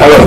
Alors,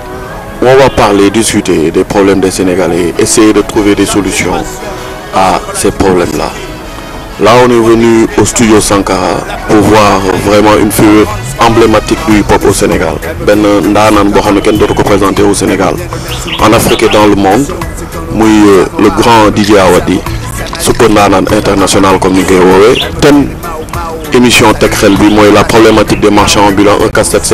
on va parler, discuter des problèmes des Sénégalais, essayer de trouver des solutions à ces problèmes-là. Là, on est venu au studio Sankara pour voir vraiment une figure emblématique du hip-hop au Sénégal. Ben Ndanan Bohanaken d'autres représenté au Sénégal, en Afrique et dans le monde, euh, le grand DJ Awadi. surtout ndaanaan international comme ni koy woowee thème émission teg xel bi mooy la problématique des marchands ambulants un casse-tête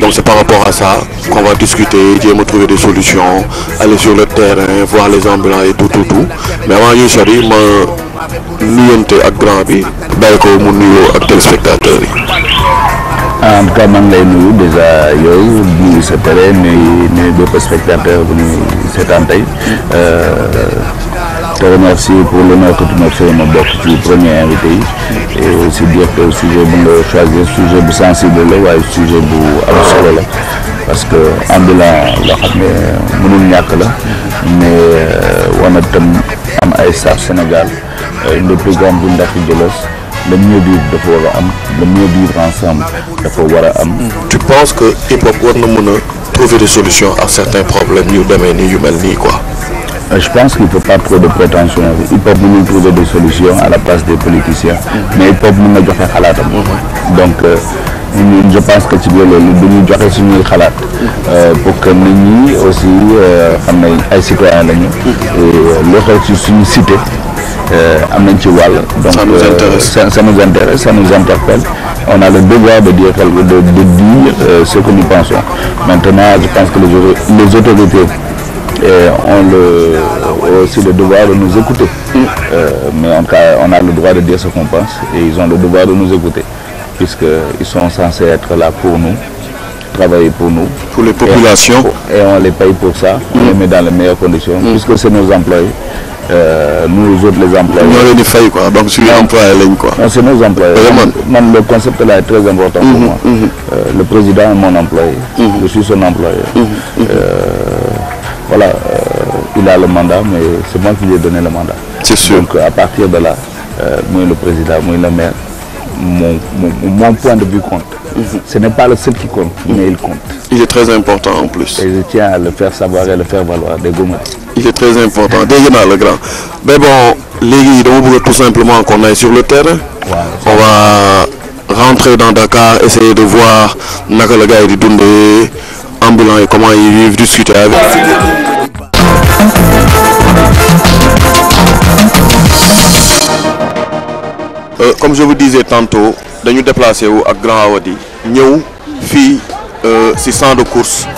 donc c'est par rapport à ça qu'on va discuter jéem a trouver des solutions aller sur le terrain voir les ambulants et tout tout tout mais avant ñuy sori ma nuyonte ak grand bi bàyyi ko mu nuyoo ak téléspectateurs yi. te remercier pour l'honneur que tu m'as fait ma bokk ci premier invité yi et aussi dire que sujet bu nga choisir sujet bu sensible la waaye sujet bu am solo la parce que ambulant loo xam ne mënul ñàkk la mais euh, war tam am ay star Sénégal euh, le programme bu ndax jëlos le mieux vivre dafa war a am le mieux vivre ensemble dafa war a am tu penses que hip hop war a trouver des solutions à certains problèmes yu demee nii yu mel nii quoi Euh, je pense qu'il ne faut pas trop de prétention ils peuvent nous trouver des solutions à la place des politiciens mais ils peuvent mën na joxe xalaatam donc euh, ñun je pense que ci biir loolu dañuy joxe xalaat euh, pour que nit ñi aussi xam ne ay citoyens lañu lu xew ci suñu cité am nañ ci wàll donc ça nous intéresse ça nous intéresse ça nous interpelle on a le devoir de dire de, de dire ce que nous pensons maintenant je pense que les autorités et on le, a aussi le devoir de nous écouter. Mm. Euh, mais on a le droit de dire ce qu'on pense et ils ont le devoir de nous écouter, puisqu'ils sont censés être là pour nous, travailler pour nous. Pour les populations. Et, on les paye pour ça, mm. on les met dans les meilleures conditions, mm. puisque c'est nos employés. Euh, nous autres employés. non le concept là est très important pour mm-hmm, moi. Mm-hmm. Euh, le président est mon employé. Mm-hmm. je suis son employé. voilà, euh, il a le mandat, mais c'est moi qui lui donné le mandat. C'est sûr. Donc à partir de là, euh, moi le président, moi le maire, mon, mon, mon point de vue compte. Mm Ce n'est pas le seul qui compte, mhm. mais il compte. Il est très important en plus. Et je tiens à le faire savoir et le faire valoir des gommets. Il est très important, dégg naa le grand. Mais bon, léegi dama bëgg tout simplement qu'on aille sur le terrain. Ouais, on va rentrer dans Dakar, essayer de voir naka la gars comme je vous disais tantôt dañu déplacé wu ak Grand Awadi ñëw fii euh, ci champ de course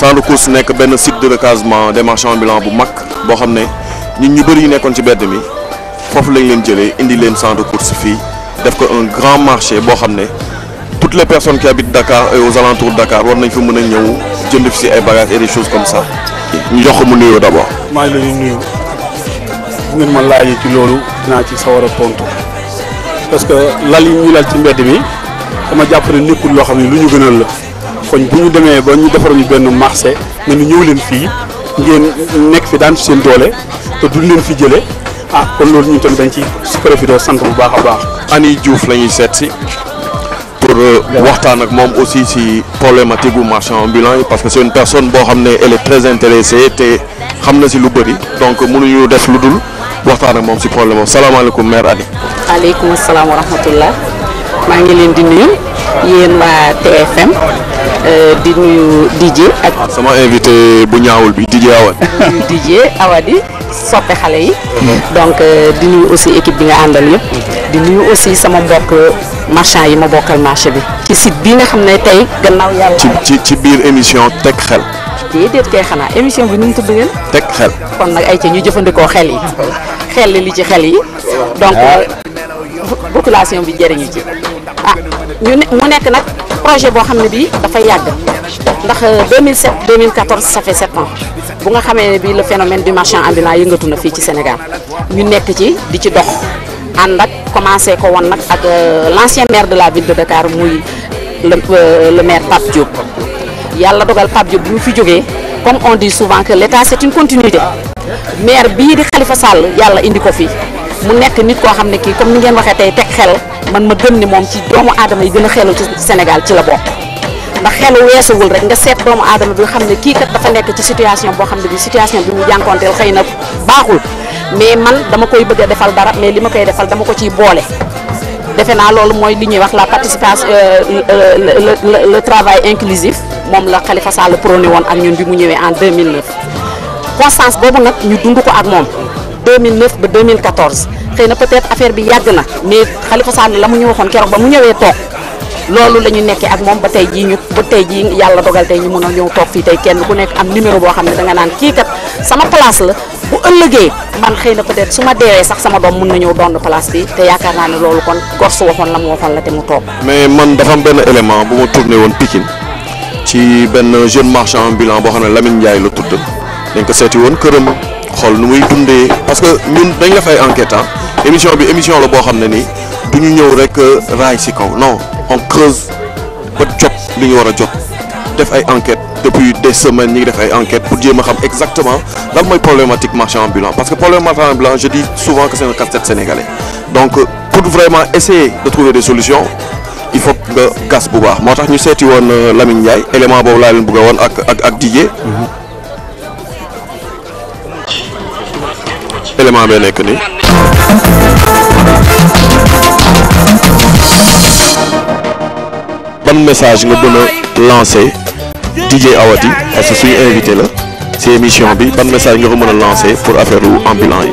champ de course nekk benn site de recasement des marchands ambulants bu mag boo xam ne ñun ñu bëri ñu nekkoon ci bedd mi foofu lañ leen jëlee indi leen champ de course fii def ko un grand marché boo xam ne toutes les personnes qui habitent Dakar et aux Dakar war nañ fi mën a ñëw jënd fi ci ay bagages et des choses comme ça. ñu jox ko mu nuyoo d'abord. maa ngi leen di nuyu bu ngeen ci loolu dinaa ci sawar a tontu. parce que lal yi ñuy lal ci mbedd mi dama jàpp ne nekkul loo xam ne lu ñu gënal la kon bu ñu demee ba ñu defaral ñu benn marché ne ñu ñëw leen fii ngeen nekk fi daan fi seen doole te duñ leen fi jëlee ah kon loolu ñu tamit dañ ci profité sant bu baax a baax. Ani la ñuy seet si pour euh, waxtaan ak moom aussi si problématique bu marchand ambulant yi parce que c'est personne boo xam ne elle est très intéressée te xam na si lu bëri donc mënuñu def lu dul. waxtaan ak moom si problème boobu salaamaaleykum maire Adi. waaleykum salaam wa rahmatullah maa ngi leen di nuyu yéen waa TFM euh, di nuyu DJ ak. Ah, sama invité bu ñaawul bi DJ Awadi. DJ Awadi soppe xale yi. Mm-hmm. donc euh, di nuyu aussi équipe bi nga àndal yëpp. Mm-hmm. di nuyu aussi sama mbokk marchand yi ma bokkal marché bi. ci sit bi nga xam ne tey gannaaw yàlla. ci ci biir émission teg xel. déedéet kay xanaa émission bi nu mu tudd ngeen. teg xel kon nag ay ca ñu jëfandikoo xel yi. xel li ci xel yi donc ah. euh, population bi jëriñu ci ah ñu ne mu nekk nag projet boo xam ne bii dafa yàgg ndax 2007 euh, 2014 ça fait 7 ans bu nga xamee ne bii le phénomène du marchand ambulant yëngatu na fii ci Sénégal ñu nekk ci di ci dox ànd ak commencé ko woon nag ak euh, l'ancien maire de la ville de Dakar muy la le maire Pape Diop yàlla dogal Pape Diop bu fi jógee. comme on dit souvent que l'état c'est une continuité maire bii di Khalifa Sall yàlla indi ko fii mu nekk nit koo xam ne kii comme ni ngeen waxee tey teg xel man ma gëm ni moom ci doomu aadama yi gën a xelu ci Sénégal ci la bokk ndax xelu weesuwul rek nga seet doomu aadama bi xam ne kii kat dafa nekk ci situation boo xam ne bi situation bi mu jànkonteel xëy na baaxul mais man dama koy bëgg a defal dara mais li ma koy defal dama ko ciy boole defe naa loolu mooy li ñuy wax la participation euh, euh, le le travail inclusif moom la Khalifa Sall proné woon ak ñun bi mu ñëwee en 2009. constance boobu nag ñu dund ko ak moom 2009 ba 2014 xëy na peut-être affaire bi yàgg na mais Khalifa la mu ñu waxoon keroog ba mu ñëwee toog. loolu la ñu nekkee ak moom ba tey jii ñu ba tey jii yàlla dogal tey ñu mun a ñëw toog fii tey kenn ku nekk am numéro boo xam ne danga naan kii kat sama place la bu ëllëgee man xëy na su ma deewee sax sama doom mun na ñëw dond place bi te yaakaar naa ne loolu kon gor su waxoon la mu waxoon la te mu toog. mais man dafa am benn élément bu ma tourné woon Pikine ci benn jeune marchand ambulant boo xam ne Lamine njaay la tudd dañ ko seeti woon këram xool nu muy dundee parce que ñun dañ la fay enquête ah. émission bi émission la boo xam ne nii du ñu ñëw rek euh, raay ci kaw non on creuse ba jot li ñu war a jot. def ay enquêtes depuis des semaines ñu def ay enquêtes pour jéem a xam exactement lan mooy problématique marchand ambulant parce que problème marchand ambulant je dis souvent que c'est un casse-tête sénégalais donc pour vraiment essayer de trouver des solutions il faut nga gas bu baax moo tax ñu seeti woon euh, Lamine Ndiaye élément boobu laa leen bëgg woon ak ak ak Didier. Mm-hmm. élément bee nekk nii. DJ Awadi parce que suñu invité la ci émission bi ban message nga ko mën a lancer pour affaire lu ambulant yi.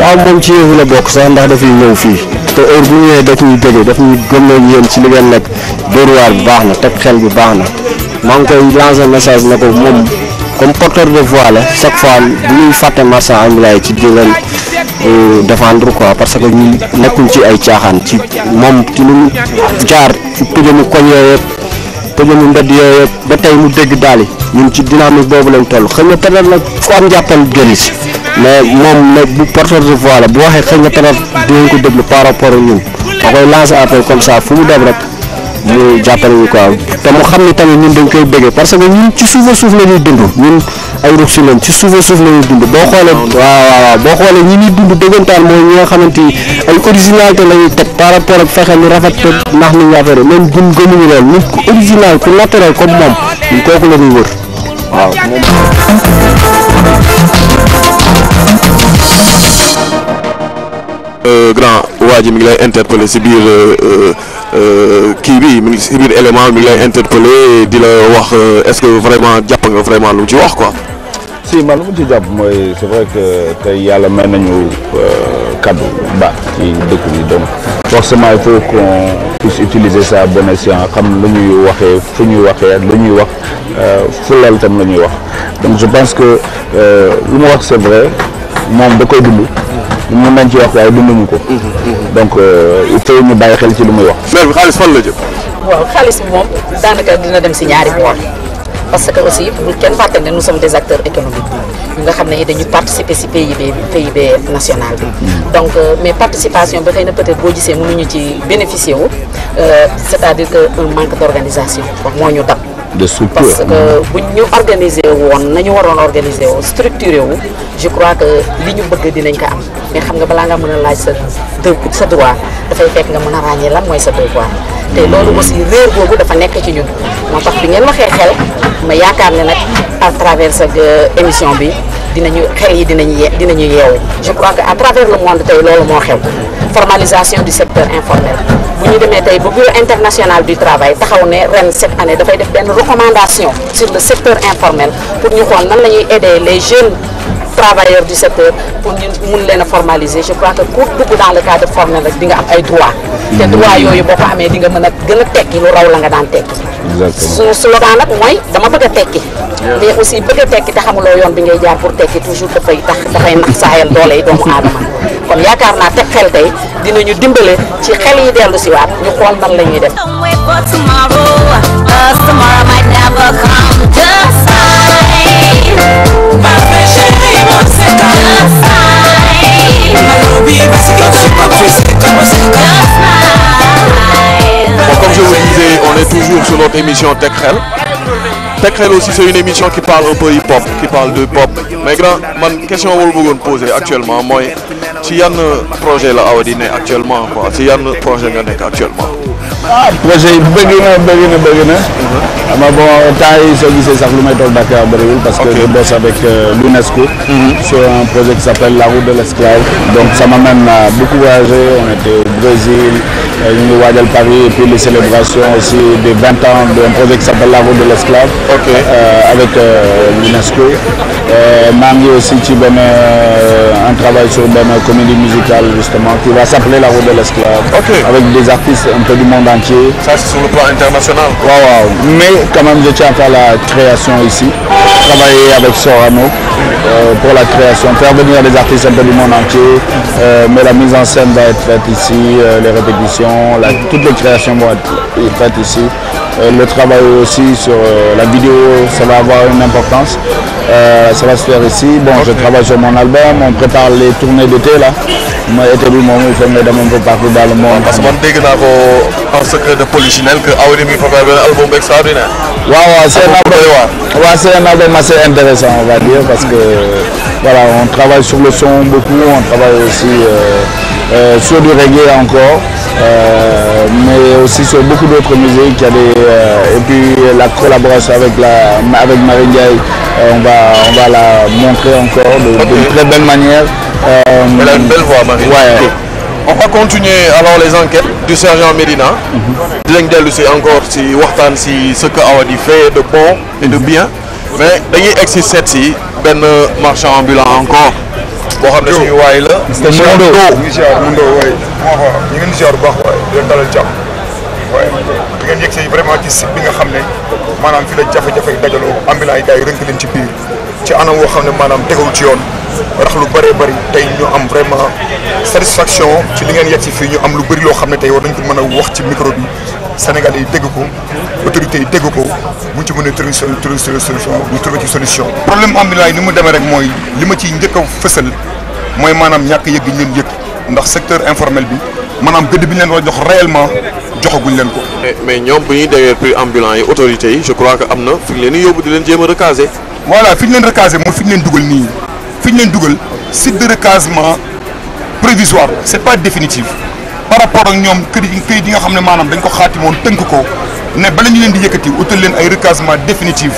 waaw moom ci yéen la bokk sax ndax dafay ñëw fii te heure bu ñëwee daf ñuy bëgg daf ñuy gëm a ci li ngeen nekk dóoruwaar bi baax na teg xel bi baax na maa ngi koy lancer message ne ko moom comme porteur de voix la chaque fois bu ñuy fàtte marchand ambulant yi ci di leen euh, défendre quoi parce que ñu nekkuñ ci ay caaxaan ci moom ci lu jaar tëjalu mbedd yooyu ba tey mu dégg daal yi ñun ci dynamique boobu lañ toll xëy na peut-être nag ku am jàppal génn si moom nag bu porteur de la bu waxee xëy na dinañ ko déglu par rapport ñun da koy lancer appel comme ça fu mu dem rek. ñu jàppale ñu quoi te mu xam ne tamit ñun dañ koy béggee parce que ñun ci suuf suuf la ñuy dund ñun ay ruq si ci suuf suuf la ñuy dund boo xoolee. waaw boo xoolee ñi ñuy dund dëggantaan moom ñi nga xamante ni ay originalité la ñuy teg par rapport ak fexe lu rafet te ndax ñu affaire yi même buñ gëmuñu lool nit ku original ku naturel comme moom ñun kooku la ñuy wër waaw. Euh, grand waa ji mi ngi lay interpeller si biir. Euh, euh, Euh, kii bi mi ngi si biir élément mi ngi lay interpellé di la wax euh, est-ce que vraiment jàpp nga vraiment lu mu ci wax quoi. si man lu mu ci jàpp mooy c'est vrai que tey yàlla may nañu euh, kaddu ba ci dëkk bi donc forcément il faut qu'on puisse utiliser ça à xam lu ñuy waxee fu ñuy waxee lu ñuy wax fulal tam la ñuy wax donc je pense que lu ma wax c'est vrai moom da koy dund. mën nañ ci wax waaye dunduñu mhm, mhm. Euh, si ñaari boor parce que aussi bu kenn fàtte ne nous sommes des acteurs économiques nga xam ne dañu participer si PIB PIB national bi mhm. donc euh, mais participation ba xëy na peut boo gisee mënuñu ci bénéficier wu euh, c'est-à-dire que un manque d'organisation moo ñu dab de structure parce que buñ ñu organiser woon nañu waroon organiser woon structuré wu je crois que li ñu bëgg dinañ ko am mais xam nga balaa nga mën a laaj sa sa droit dafay fekk nga mën a ràññee lan mooy sa devoir te loolu aussi réer boobu dafa nekk ci ñun moo tax bi ngeen waxee xel ma yaakaar ne nag à travers sa euh, émission bi dinañu xel yi dinañu ye dinañu yeewu je crois que à travers le monde tey loolu moo xew formalisation du secteur informel bu ñu demee tey ba bureau international du travail taxaw ne ren cette année dafay def benn recommandation sur le secteur informel pour ñu xool nan la ñuy aider les jeunes travailleurs du secteur pour ñu mun leen a formaliser je crois que ku dugg dans le cadre formel rek di nga am ay droits. te mmh. droits yooyu boo ko amee di nga mën a gën a tekki lu raw la nga daan tekki. suñu slogan nag mooy dama bëgg a tekki. mais aussi bëgg a tekki te xamuloo yoon bi ngay jaar pour tekki toujours dafay tax dafay nax saayal doole yi doomu aadama kon yaakaar naa te xel tey dinañu dimbale ci xel yi dellu si waat ñu xool nan la def. émission Tek Xel Tek Xel aussi c'est une émission qui parle un peu hip-hop qui de pop mais grand man question wala bëggoon poser actuellement mooy ci yan projet la Awadi ne actuellement quoi ci yan projet nga nekk actuellement. ah projet yi bëgg na bëgg mhm. ama ah, bon temps yi soo gisee lu may toog Dakar bëriwul parce que je bosse avec euh, l'UNESCO mhm. sur un projet qui s'appelle la route de l'esclave donc ça m'amène à beaucoup voyager on était au Brésil euh, ñu ngi Paris et puis les célébrations aussi des vingt ans d'un projet qui s'appelle la route de l'esclave okay. Euh, avec l'UNESCO maa ngi aussi ci benn un travail sur benn comédie musicale justement qui va s'appeler la route de l'esclave avec des artistes un peu du monde entier ça mais quand même, je tiens à faire la création ici, travailler avec Sorano euh, pour la création, faire venir des artistes un peu du monde entier, euh, mais la mise en scène va être faite ici, euh, les répétitions, la, toutes les créations vont être faites ici. Euh, le travail aussi sur euh, la vidéo, ça va avoir une importance. Euh, ça va se faire ici. je travaille sur mon album, on prépare les tournées d'été là. mooy été bi moom il faut nga demoon ba partout dans monde. parce que dégg naa ko en secret de polichinelle que un album assez intéressant on va dire parce que voilà on travaille sur le son beaucoup on travaille aussi sur du reggae encore. Euh, mais aussi sur beaucoup d'autres musiques. Il euh, la collaboration avec, la, avec Marie Ndiaye, euh, on, va, la montrer encore d'une très belle manière. a une belle voix, on va continuer les enquêtes du sergent Médina. Mhm. dinañ dellu si encore si waxtaan si ce que Awa di fait de bon et de mhm. bien mais dañuy egg si seet si benn marchand ambulant encore boo xam ne suñu waay la. monsieur Ndo monsieur Ndo waay. ñu ngi ziar bu baax waay di leen dalal jàmm waaye di ngeen yegg see vraiment ci site nga xam ne maanaam fi la jafe-jafe yi dajaloo ambulant yi gars yi rënk leen ci biir ci anam woo xam ne maanaam tegul ci yoon rax lu bëree bari tey ñu am vraiment satisfaction ci li ngeen yegg si fii ñu am lu bëri loo xam ne tey war nañ ko mën a wax ci micro bi. Sénégalais yi dégg ko autorités yi dégg ko buñ ci mën a trouver solution ñu trouver ci solution. problème ambulance ni mu demee rek mooy li ma ciy njëkk fësal mooy maanaam ñàkk yëg gi ñu leen yëg ndax secteur informel bi maanaam gëdd bi ñu leen war a jox réellement joxaguñ leen ko. mais ñoom bu ñuy déggee prix ambulants yi autorités yi je crois que am na fi ñu leen di yóbbu di leen jéem a recaser. fi ñu leen recaser mooy fi ñu leen dugal nii fi ñu leen dugal site de recasement prévisoire c'est pas définitif. par rapport ak ñoom kër yi këyit yi nga xam ne maanaam dañ ko xaatimoon tënk ko ne bala ñu leen di yëkkati utal leen ay recasement définitif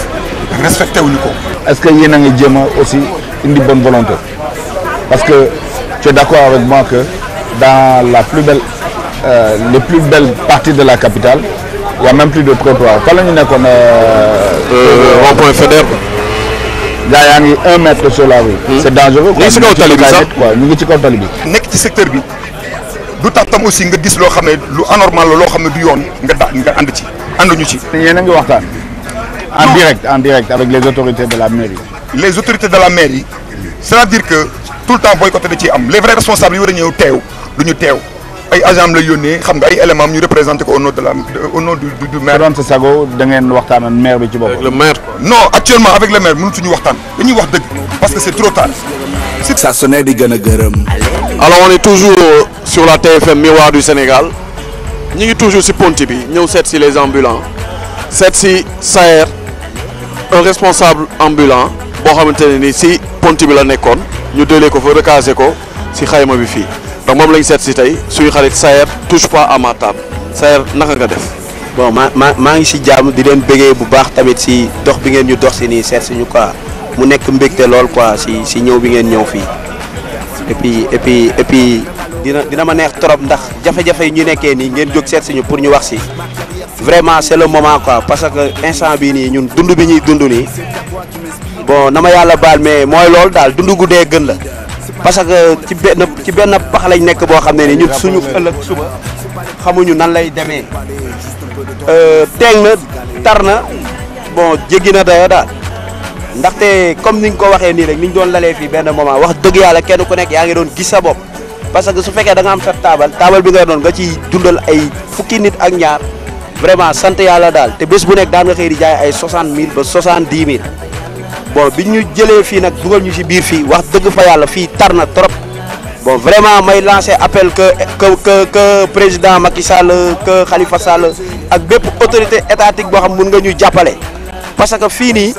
respecté wuñu ko. est-ce que yéen a ngi jéem a aussi indi bonne volonté parce que tu es d'accord avec moi que dans la plus belle euh, les plus belles parties de la capitale waa y a même plus de trottoir fa la ñu nekkoon. Euh, euh, euh, rond-point Faidherbe. gaa yaa ngi un mètre sur la rue. Hmm. c'est dangereux. ñu ngi ci kaw tali bi sax quoi ñu nekk ci secteur bi. lu tax tam aussi nga gis loo xam ne lu anormal loo xam ne du yoon nga da nga ànd ci ànduñu ci. yéen ngi waxtaan. en direct en direct avec les autorités de la mairie. les autorités de la mairie. c'est-à-dire que tout le temps boycotté da ciy am les vrais responsables yi war a ñëw teew du ñu teew. ay agent la yónnee xam nga ay éléments ñu représenté ko au nom de la au nom du maire. doon sa sago da ngeen waxtaan ak maire bi ci boppam. le maire non actuellement avec le maire mënutuñu waxtaan dañuy wax dëgg parce que c'est trop tard. saa su ne di gën a gërëm. alors on est toujours euh, sur la TFM Miroir du ñu ngi toujours si ponti bi ñëw seet si les ambulants seet si Saer un responsable ambulant boo xamante ne ni si ponti bi la nekkoon ñu dëlee ko fa recaser ko si xayma bi fii. donc moom la ñu seet si tey suñu xarit Saer touche pois à ma table Saer naka nga def. bon maa maa maa ngi si jàmm di leen bëggee bu baax tamit si dox bi ngeen ñu dox si nii seet si ñu quoi mu nekk mbégte lool quoi si si ñëw bi ngeen ñëw fii et puis et dina dina ma neex trop ndax jafe-jafe yi ñu nekkee nii ngeen jóg seet si ñu pour ñu wax si vraiment c'est le moment quoi parce que instant bii nii ñu dund bi ñuy dund nii bon na ma yàlla baal mais mooy loolu daal dund guddee gën la. parce que ci benn ci benn pax lañ nekk boo xam ne ni ñun suñu ëllëg suba xamuñu nan lay demee euh, teeg na tar na bon jéggi na dayoo daal ndaxte comme ni ñu ko waxee nii rek ni ñu doon lalee fii benn moment wax dëgg yàlla kenn ku nekk yaa ngi doon gis sa bopp parce que su fekkee da am sa taabal taabal bi ngay doon nga ciy dundal ay fukki nit ak ñaar vraiment sant yàlla daal te bés bu nekk daan nga xëy di jaay ay soixante mille ba soixante dix mille bon bi ñu jëlee fii nag dugal ñu si biir fii wax dëgg fa yàlla fii tar na trop bon vraiment may lancer appel que que que que président Macky Sall que Khalifa Sall ak bépp autorité étatique boo xam mun nga ñu jàppale. parce que fii nii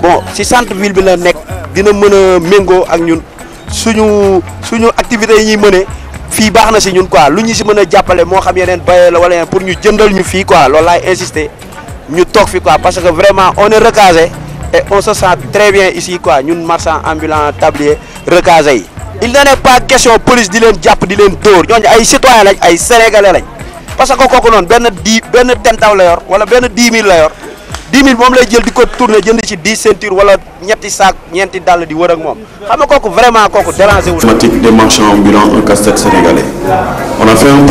bon si centre ville bi la nekk dina mën a méngoo ak ñun suñu suñu activités yi ñuy mëne fii baax na si ñun quoi lu ñu si mën a jàppale moo xam yeneen bayee la wala yeneen pour ñu jëndal ñu fii quoi loolu laay insister ñu toog fi quoi parce que vraiment on est e on se sent très bien ici quoi ñun marchand ambulant tablier recasé yi. il n'en est pas question police di leen jàpp di leen dóor ñooñu ay citoyen lañ ay sénégalais lañ parce que kooku noon benn dix benn tentaw la yor wala benn dix mille la yor dix mil moom lay jël di ko tourner jënd ci dix ceinture wala ñetti saak ñeenti dàll di wër ak moom xam nga kooku vraiment kooku dérangé wu. thématique des marchands ambulants un casse-tête sénégalais on a fait un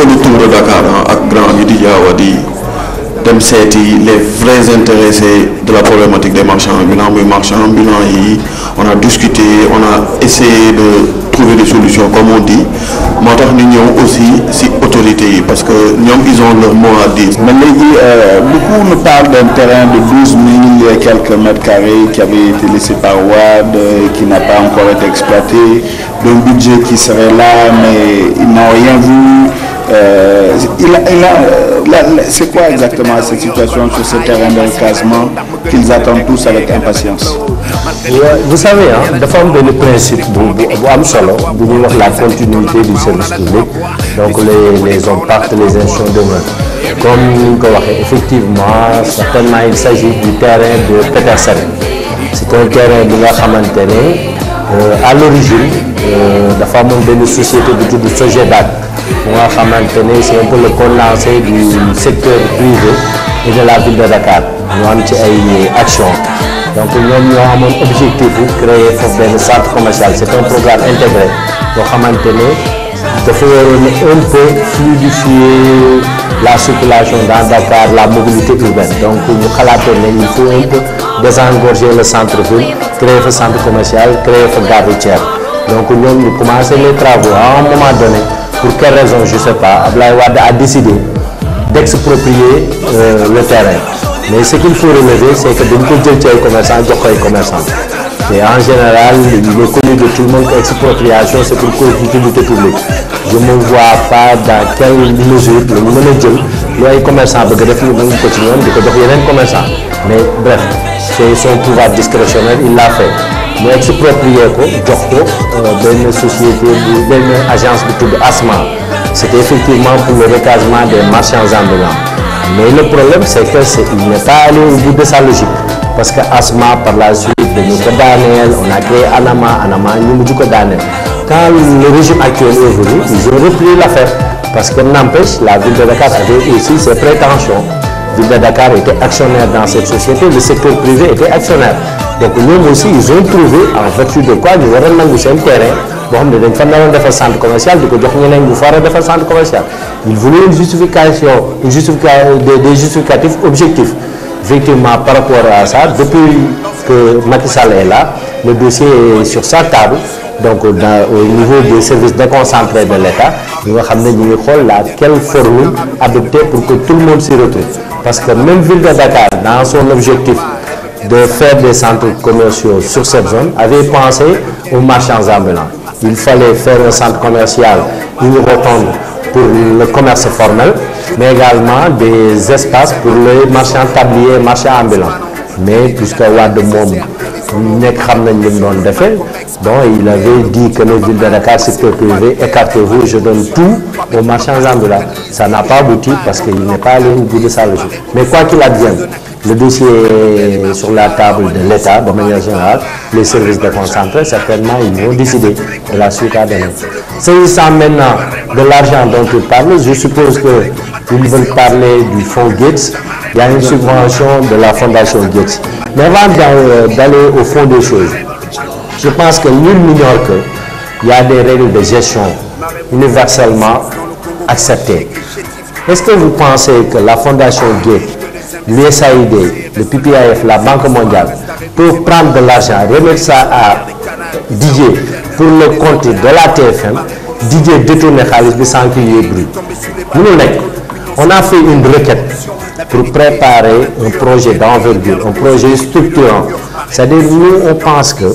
dem les vrais intéressés de la problématique des marchands ambulants muy marchands ambulants yi on a discuté on a essayé de trouver des solutions comme on dit moo aussi si autorités parce que ñoom ils ont leur mot à dire. beaucoup euh, nous parlent d'un terrain de douze mille quelques mètres carrés qui avait été laissé par Wade qui n'a pas encore été exploité d'un budget qui serait là mais ils n'ont rien vu. Euh, il a, il a, euh, c'est quoi exactement cette situation sur ce terrain de recasement qu'ils attendent tous avec impatience ouais, vous savez ah dafa am benn principe bu bu am solo bu ñuy wax la continuité du service public donc les les les institutions demeurent comme ni effectivement certainement il s'agit du terrain de Petersen c'est un terrain bi nga xamante ne Euh, à l'origine euh, dafa amoon benn société bu tudd Sogebac bu nga xamante un peu le condensé du secteur privé et de la ville de Dakar ñu am ci ay action donc ñoom ñoo amoon objectif bu créer foofu benn centre commercial c'est un programme intégré boo xamante ne dafa waroon peu fluidifier la circulation dans Dakar la mobilité urbaine donc ñu xalaatoon ne il faut le centre-ville créer fa centre commercial créer fa gare routière donc ñoom ñu commencé les travaux à un moment donné pour quelle raison je sais pas Abdoulaye Wade a décidé d'exproprier euh, le terrain mais ce qu'il faut relever c'est que dañ ko jël ci ay commerçant jox ko Et en général, il est connu de tout le monde qu'expropriation, c'est pour cause d'utilité publique. Je ne vois pas dans quelle mesure le manager, les commerçants, parce que les continuent, les commerçants. Mais bref, c'est son pouvoir discrétionnaire, il l'a fait. Mais exproprié, jox ko euh, benn société bu benn agence bu tudd ASMA c'était effectivement pour le recasement des marchands ambulants mais le problème c'est que c'est il n'est pas dañu ko daaneel on a créé Anama Anama ñu mujj ko quand le régime actuel est venu ils ont repris l'affaire parce que n'empêche la ville de Dakar avait aussi ses prétentions ville de Dakar était actionnaire dans cette société le secteur privé était actionnaire donc ñoom aussi ils ont trouvé en vertu de quoi ñu war a nangu seen terrain ne dañ fa naroon centre commercial di ko jox ñeneen ñu fara defar centre commercial il voulait une justification effectivement par rapport à ça depuis que Macky Sall est là le dossier sur sa table donc dans, au niveau des services déconcentrés de l'État ñu nga xam ne ñu ngi xool la quelle formule adopter pour que tout le monde s'y retrouve parce que même ville de Dakar dans son objectif de faire des centres commerciaux sur cette zone avait pensé aux marchands ambulants il fallait faire un centre commercial une rotonde pour le commerce formel mais également des espaces pour les marchands tabliers marchands ambulants mais puisque Wade moom nekk xam nañ li mu doon defee bon il avait dit que les villes de Dakar secteur privé écartez-vous je donne tout aux marchands ambulants ça n'a pas abouti parce qu'il n'est pas allé au bout de sa logique mais quoi qu'il advienne le dossier est sur la table de l'État de manière générale les services déconcentrés certainement ils vont décider de la suite à donner s'agissant maintenant de l'argent dont ils parlent je suppose que ils veulent parler du fonds Gates il y a une subvention de la fondation Gates mais avant euh, d'aller au fond des choses je pense que nul n'ignore que il y a des règles de gestion universellement acceptées est-ce que vous pensez que la fondation Gates l'USAID, le PPIF, la Banque mondiale, pour prendre de l'argent, remettre ça à Didier pour le compte de la TFM, Didier détourne Khalis sans qu'il y ait bruit. Nous, on a fait une requête pour préparer un projet d'envergure, un projet structurant. C'est-à-dire, nous, on pense que,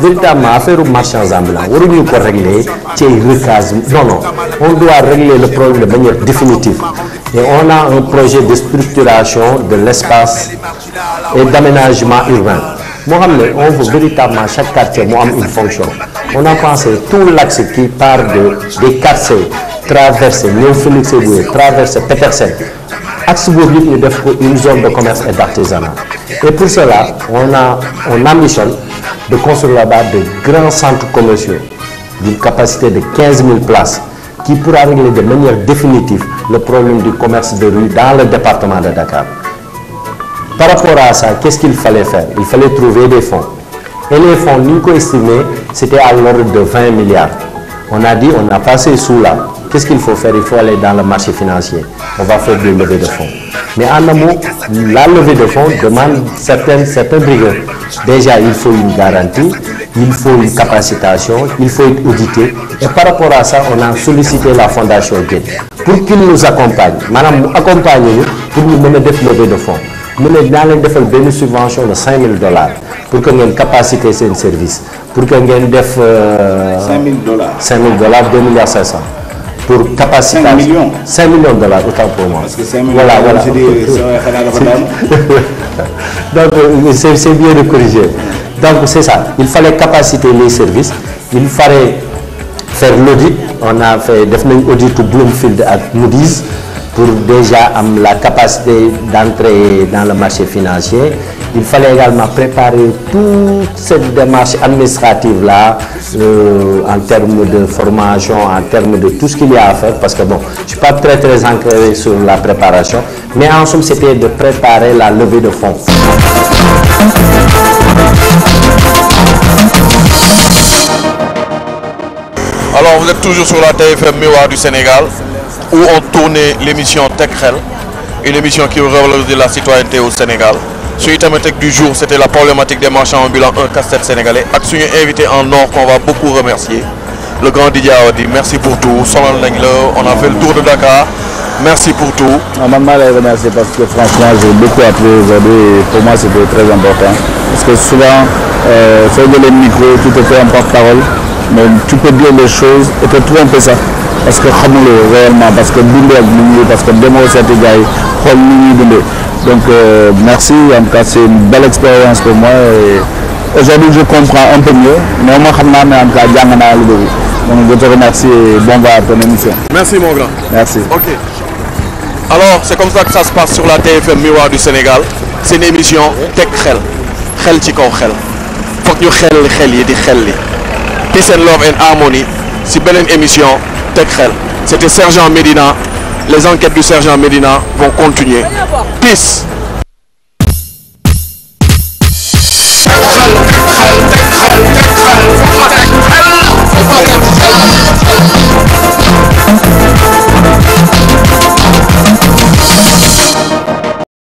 véritablement, affaire aux marchands ambulants, on ne peut doit régler le problème de manière définitive. et on a un projet de structuration de l'espace et d'aménagement urbain moo xam ne on veut véritablement chaque quartier mu am une fonction on a pensé tout l'axe qui part de des quartiers traversé Léon Félix Éboué traversé Petersen axe def ko une zone de commerce et d'artisanat et pour cela on a on ambitionne de construire là-bas de grands centres commerciaux d'une capacité de places qui pourra régler de manière définitive le problème du commerce de rue dans le département de Dakar. Par rapport à ça, qu'est-ce qu'il fallait faire Il fallait trouver des fonds. Et les fonds, nous estimés, c'était à l'ordre de 20 milliards. On a dit, on a passé sous là. Qu'est-ce qu'il faut faire Il faut aller dans le marché financier. On va faire des levées de fonds. Mais en amont, la levée de fonds demande certaines, certaines Déjà, il faut une garantie il faut une capacitation, il faut être audité. par rapport à ça, on a sollicité la Fondation Gates pour qu'il nous accompagne. Madame, nous accompagnez-nous pour nous mener des levées de fonds. Nous avons fait une subvention de 5 000 dollars pour que nous capacitions un service. Pour que nous fassions 5 000 dollars, 2 milliards 500. pour capacité. 5 millions de dollars autant pour moi. Parce que 5 millions voilà, voilà. Euh, c'est bien de corriger. Donc c'est ça, il fallait capaciter les services, il fallait faire l'audit. On a fait un audit au Bloomfield à Moody's pour déjà la capacité d'entrer dans le marché financier. il fallait également préparer toute cette démarche administrative euh, en termes de formation en termes de tout ce qu'il y a à faire parce que bon je suis pas très très ancré sur la préparation mais en somme c'était de préparer la levée de fonds Alors vous êtes toujours sur la TFM Miroir du Sénégal où on tournait l'émission Tek une émission qui relève la citoyenneté au Sénégal suñu thématique du jour c'était la problématique des marchands ambulants un casse-tête sénégalais ak suñu invité en or qu'on va beaucoup remercier le grand Didier Awadi merci pour tout sonal nañ on a fait le tour de Dakar merci pour tout. non ah, man remercier parce que franchement j'ai beaucoup appris aujourd'hui pour moi c'était très important parce que souvent euh, soo jëlee micro tu te fais un porte-parole mais parce que xamuloo réellement parce que dundee ak nit ñi que demoo seeti gars yi donc euh, merci en tout cas c'est une belle expérience pour moi et aujourd'hui je comprends un peu mieux mais ma xam naa ne en tout cas jàng naa lu bëri donc je te remercie bon voyage à ton émission. merci mon grand. merci ok alors c'est comme ça que ça se passe sur la TFM Miroir du Sénégal c'est une émission teg xel xel ci kaw xel foog ñu xel xel yi di xel li Peace si beneen émission. teg xel c'était sergent Médina les enquêtes du sergent Médina vont continuer peace